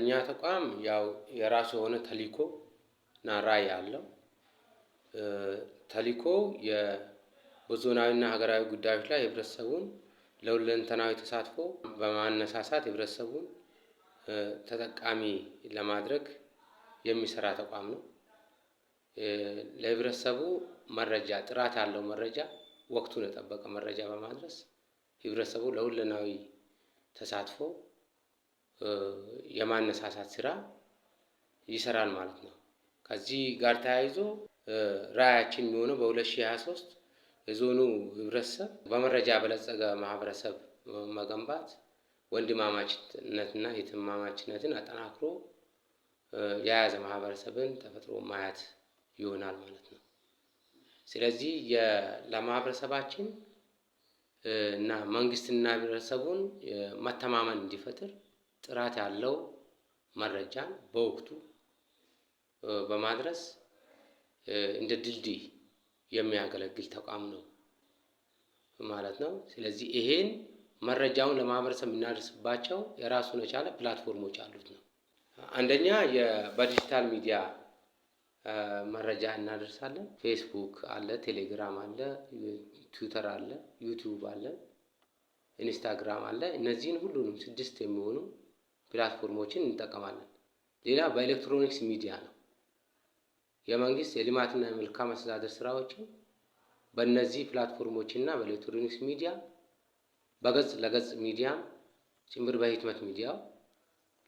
እኛ ተቋም ያው የራሱ የሆነ ተሊኮ እና ራዕይ አለው። ተሊኮ በዞናዊና ሀገራዊ ጉዳዮች ላይ ህብረተሰቡን ለሁለንተናዊ ተሳትፎ በማነሳሳት ህብረተሰቡን ተጠቃሚ ለማድረግ የሚሰራ ተቋም ነው። ለህብረተሰቡ መረጃ ጥራት ያለው መረጃ፣ ወቅቱን የጠበቀ መረጃ በማድረስ ህብረተሰቡ ለሁለናዊ ተሳትፎ የማነሳሳት ስራ ይሰራል ማለት ነው። ከዚህ ጋር ተያይዞ ራዕያችን የሚሆነው በ2023 የዞኑ ህብረተሰብ በመረጃ በለጸገ ማህበረሰብ መገንባት ወንድማማችነትና የትማማችነትን አጠናክሮ የያዘ ማህበረሰብን ተፈጥሮ ማየት ይሆናል ማለት ነው። ስለዚህ ለማህበረሰባችን እና መንግስትና ህብረተሰቡን መተማመን እንዲፈጥር ጥራት ያለው መረጃን በወቅቱ በማድረስ እንደ ድልድይ የሚያገለግል ተቋም ነው ማለት ነው። ስለዚህ ይሄን መረጃውን ለማህበረሰብ የምናደርስባቸው የራሱን የቻለ ፕላትፎርሞች አሉት ነው። አንደኛ በዲጂታል ሚዲያ መረጃ እናደርሳለን። ፌስቡክ አለ፣ ቴሌግራም አለ፣ ትዊተር አለ፣ ዩቲዩብ አለ፣ ኢንስታግራም አለ። እነዚህን ሁሉንም ስድስት የሚሆኑ ፕላትፎርሞችን እንጠቀማለን። ሌላ በኤሌክትሮኒክስ ሚዲያ ነው። የመንግስት የልማትና የመልካም አስተዳደር ስራዎችን በእነዚህ ፕላትፎርሞችና በኤሌክትሮኒክስ ሚዲያ በገጽ ለገጽ ሚዲያም ጭምር በህትመት ሚዲያው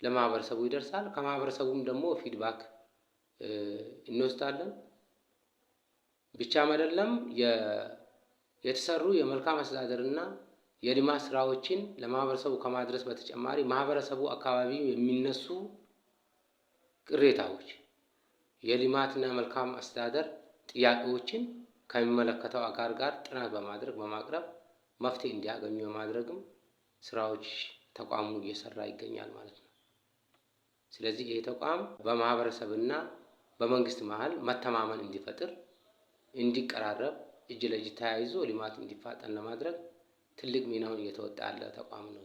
ለማህበረሰቡ ይደርሳል። ከማህበረሰቡም ደግሞ ፊድባክ እንወስዳለን። ብቻም አይደለም የተሰሩ የመልካም አስተዳደርና የልማት ስራዎችን ለማህበረሰቡ ከማድረስ በተጨማሪ ማህበረሰቡ አካባቢ የሚነሱ ቅሬታዎች፣ የልማትና መልካም አስተዳደር ጥያቄዎችን ከሚመለከተው አጋር ጋር ጥናት በማድረግ በማቅረብ መፍትሄ እንዲያገኙ በማድረግም ስራዎች ተቋሙ እየሰራ ይገኛል ማለት ነው። ስለዚህ ይህ ተቋም በማህበረሰብና በመንግስት መሀል መተማመን እንዲፈጥር፣ እንዲቀራረብ፣ እጅ ለእጅ ተያይዞ ልማት እንዲፋጠን ለማድረግ ትልቅ ሚናውን እየተወጣ ያለ ተቋም ነው